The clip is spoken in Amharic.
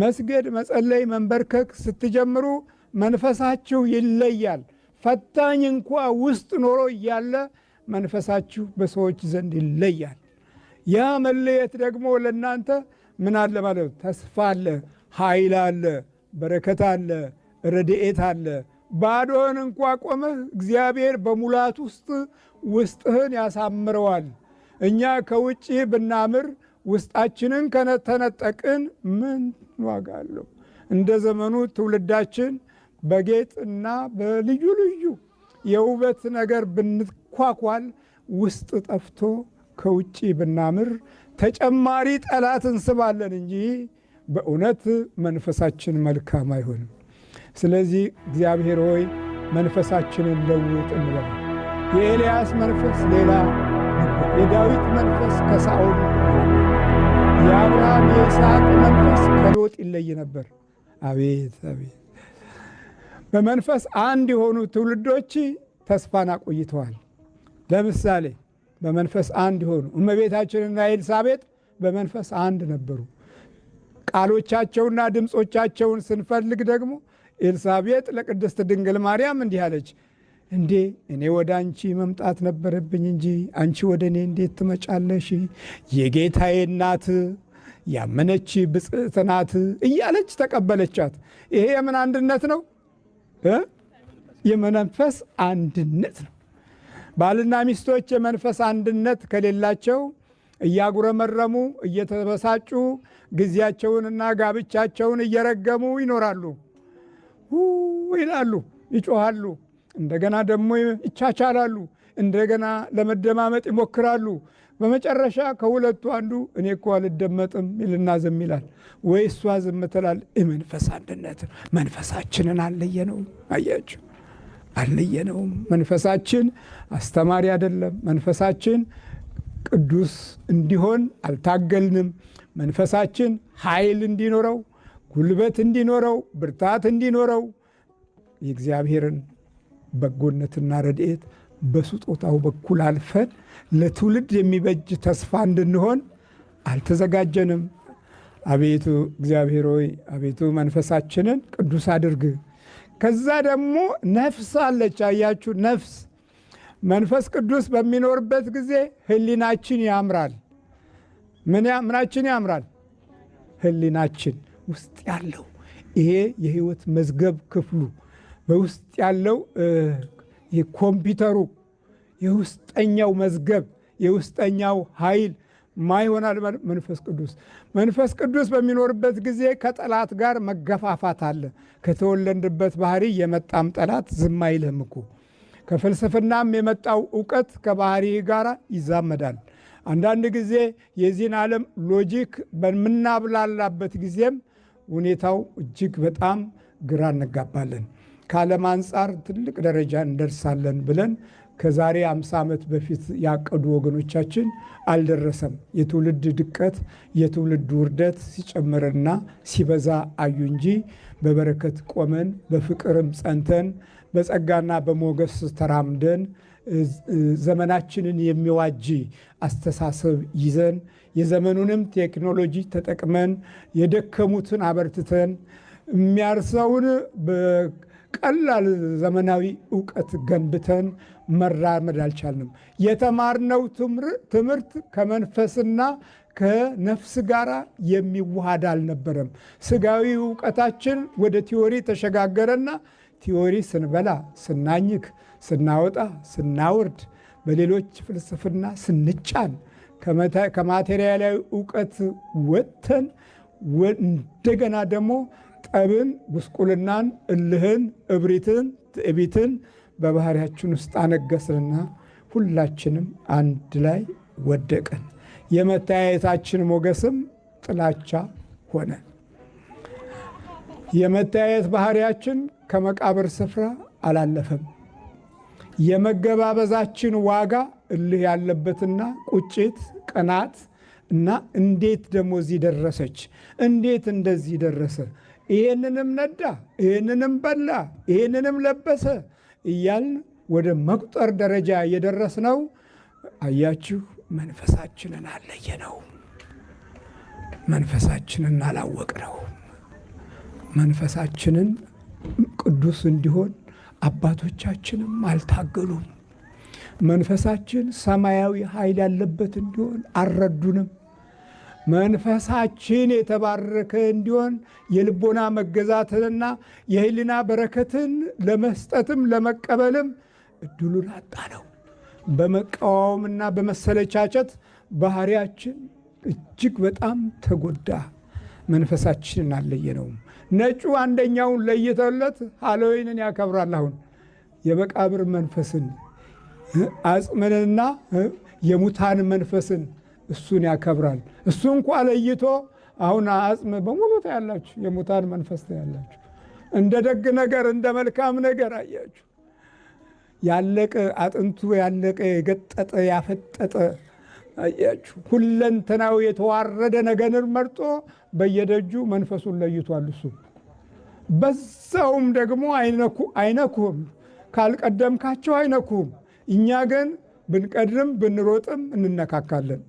መስገድ፣ መጸለይ፣ መንበርከክ ስትጀምሩ መንፈሳችሁ ይለያል። ፈታኝ እንኳ ውስጥ ኖሮ እያለ መንፈሳችሁ በሰዎች ዘንድ ይለያል። ያ መለየት ደግሞ ለእናንተ ምን አለ ማለት ተስፋ አለ፣ ኃይል አለ፣ በረከት አለ፣ ረድኤት አለ። ባዶህን እንኳ ቆመህ እግዚአብሔር በሙላት ውስጥ ውስጥህን ያሳምረዋል። እኛ ከውጭ ብናምር ውስጣችንን ከነተነጠቅን ምን ዋጋ አለው። እንደ ዘመኑ ትውልዳችን በጌጥ እና በልዩ ልዩ የውበት ነገር ብንኳኳል ውስጥ ጠፍቶ ከውጭ ብናምር ተጨማሪ ጠላት እንስባለን እንጂ በእውነት መንፈሳችን መልካም አይሆንም። ስለዚህ እግዚአብሔር ሆይ መንፈሳችንን ለውጥ እንበል። የኤልያስ መንፈስ ሌላ፣ የዳዊት መንፈስ ከሳኦል የአብርሃም የይስሐቅ መንፈስ ከሎጥ ይለይ ነበር። አቤት አቤት! በመንፈስ አንድ የሆኑ ትውልዶች ተስፋን አቆይተዋል። ለምሳሌ በመንፈስ አንድ የሆኑ እመቤታችንና ኤልሳቤጥ በመንፈስ አንድ ነበሩ። ቃሎቻቸውና ድምፆቻቸውን ስንፈልግ ደግሞ ኤልሳቤጥ ለቅድስት ድንግል ማርያም እንዲህ አለች እንዴ እኔ ወደ አንቺ መምጣት ነበረብኝ እንጂ አንቺ ወደ እኔ እንዴት ትመጫለሽ? የጌታዬ እናት ያመነች ብፅዕት ናት እያለች ተቀበለቻት። ይሄ የምን አንድነት ነው? የመንፈስ አንድነት ነው። ባልና ሚስቶች የመንፈስ አንድነት ከሌላቸው እያጉረመረሙ እየተበሳጩ ጊዜያቸውንና ጋብቻቸውን እየረገሙ ይኖራሉ፣ ይላሉ፣ ይጮሃሉ። እንደገና ደግሞ ይቻቻላሉ፣ እንደገና ለመደማመጥ ይሞክራሉ። በመጨረሻ ከሁለቱ አንዱ እኔ እኮ አልደመጥም ይልና ዝም ይላል፣ ወይ እሷ ዝም ትላል። የመንፈስ አንድነት መንፈሳችንን አልለየነውም። አያችሁ አልለየነውም። መንፈሳችን አስተማሪ አይደለም። መንፈሳችን ቅዱስ እንዲሆን አልታገልንም። መንፈሳችን ኃይል እንዲኖረው ጉልበት እንዲኖረው ብርታት እንዲኖረው የእግዚአብሔርን በጎነትና ረድኤት በስጦታው በኩል አልፈን ለትውልድ የሚበጅ ተስፋ እንድንሆን አልተዘጋጀንም። አቤቱ እግዚአብሔር ሆይ አቤቱ መንፈሳችንን ቅዱስ አድርግ። ከዛ ደግሞ ነፍስ አለች። አያችሁ ነፍስ መንፈስ ቅዱስ በሚኖርበት ጊዜ ህሊናችን ያምራል። ምናችን ያምራል? ህሊናችን ውስጥ ያለው ይሄ የህይወት መዝገብ ክፍሉ በውስጥ ያለው ኮምፒውተሩ የውስጠኛው መዝገብ የውስጠኛው ኃይል ማ ይሆናል? መንፈስ ቅዱስ። መንፈስ ቅዱስ በሚኖርበት ጊዜ ከጠላት ጋር መገፋፋት አለ። ከተወለድበት ባህሪ የመጣም ጠላት ዝም አይልህም እኮ። ከፍልስፍናም የመጣው እውቀት ከባህሪ ጋር ይዛመዳል። አንዳንድ ጊዜ የዚህን ዓለም ሎጂክ በምናብላላበት ጊዜም ሁኔታው እጅግ በጣም ግራ እንጋባለን። ከዓለም አንጻር ትልቅ ደረጃ እንደርሳለን ብለን ከዛሬ 50 ዓመት በፊት ያቀዱ ወገኖቻችን አልደረሰም። የትውልድ ድቀት፣ የትውልድ ውርደት ሲጨምርና ሲበዛ አዩ እንጂ በበረከት ቆመን በፍቅርም ጸንተን በጸጋና በሞገስ ተራምደን ዘመናችንን የሚዋጅ አስተሳሰብ ይዘን የዘመኑንም ቴክኖሎጂ ተጠቅመን የደከሙትን አበርትተን የሚያርሰውን ቀላል ዘመናዊ እውቀት ገንብተን መራመድ አልቻልንም። የተማርነው ትምህርት ከመንፈስና ከነፍስ ጋር የሚዋሃድ አልነበረም። ስጋዊ እውቀታችን ወደ ቲዎሪ ተሸጋገረና ቲዎሪ ስንበላ፣ ስናኝክ፣ ስናወጣ፣ ስናወርድ፣ በሌሎች ፍልስፍና ስንጫን ከማቴሪያላዊ እውቀት ወጥተን እንደገና ደግሞ ጠብን፣ ጉስቁልናን፣ እልህን፣ እብሪትን፣ ትዕቢትን በባህሪያችን ውስጥ አነገስንና ሁላችንም አንድ ላይ ወደቅን። የመተያየታችን ሞገስም ጥላቻ ሆነ። የመተያየት ባህሪያችን ከመቃብር ስፍራ አላለፈም። የመገባበዛችን ዋጋ እልህ ያለበትና ቁጭት፣ ቅናት እና እንዴት ደግሞ እዚህ ደረሰች፣ እንዴት እንደዚህ ደረሰ ይሄንንም ነዳ፣ ይሄንንም በላ፣ ይሄንንም ለበሰ እያልን ወደ መቁጠር ደረጃ የደረስነው አያችሁ፣ መንፈሳችንን አለየነው። መንፈሳችንን አላወቅነው። መንፈሳችንን ቅዱስ እንዲሆን አባቶቻችንም አልታገሉም። መንፈሳችን ሰማያዊ ኃይል ያለበት እንዲሆን አልረዱንም። መንፈሳችን የተባረከ እንዲሆን የልቦና መገዛትንና የህሊና በረከትን ለመስጠትም ለመቀበልም እድሉን ነው በመቃወምና በመሰለቻቸት ባህሪያችን እጅግ በጣም ተጎዳ። መንፈሳችንን አልለየነውም። ነጩ አንደኛውን ለይተለት ሃሎዊንን ያከብራል። አሁን የመቃብር መንፈስን አጽምንና የሙታን መንፈስን እሱን ያከብራል። እሱ እንኳ ለይቶ አሁን አጽም በሙሉ ታያላችሁ፣ የሙታን መንፈስ ታያላችሁ። እንደ ደግ ነገር እንደ መልካም ነገር አያችሁ። ያለቀ አጥንቱ ያለቀ የገጠጠ ያፈጠጠ አያችሁ። ሁለንተናው የተዋረደ ነገንር መርጦ በየደጁ መንፈሱን ለይቷል። እሱ በዛውም ደግሞ አይነኩም ካልቀደምካቸው አይነኩም እኛ ግን ብንቀድርም ብንሮጥም እንነካካለን።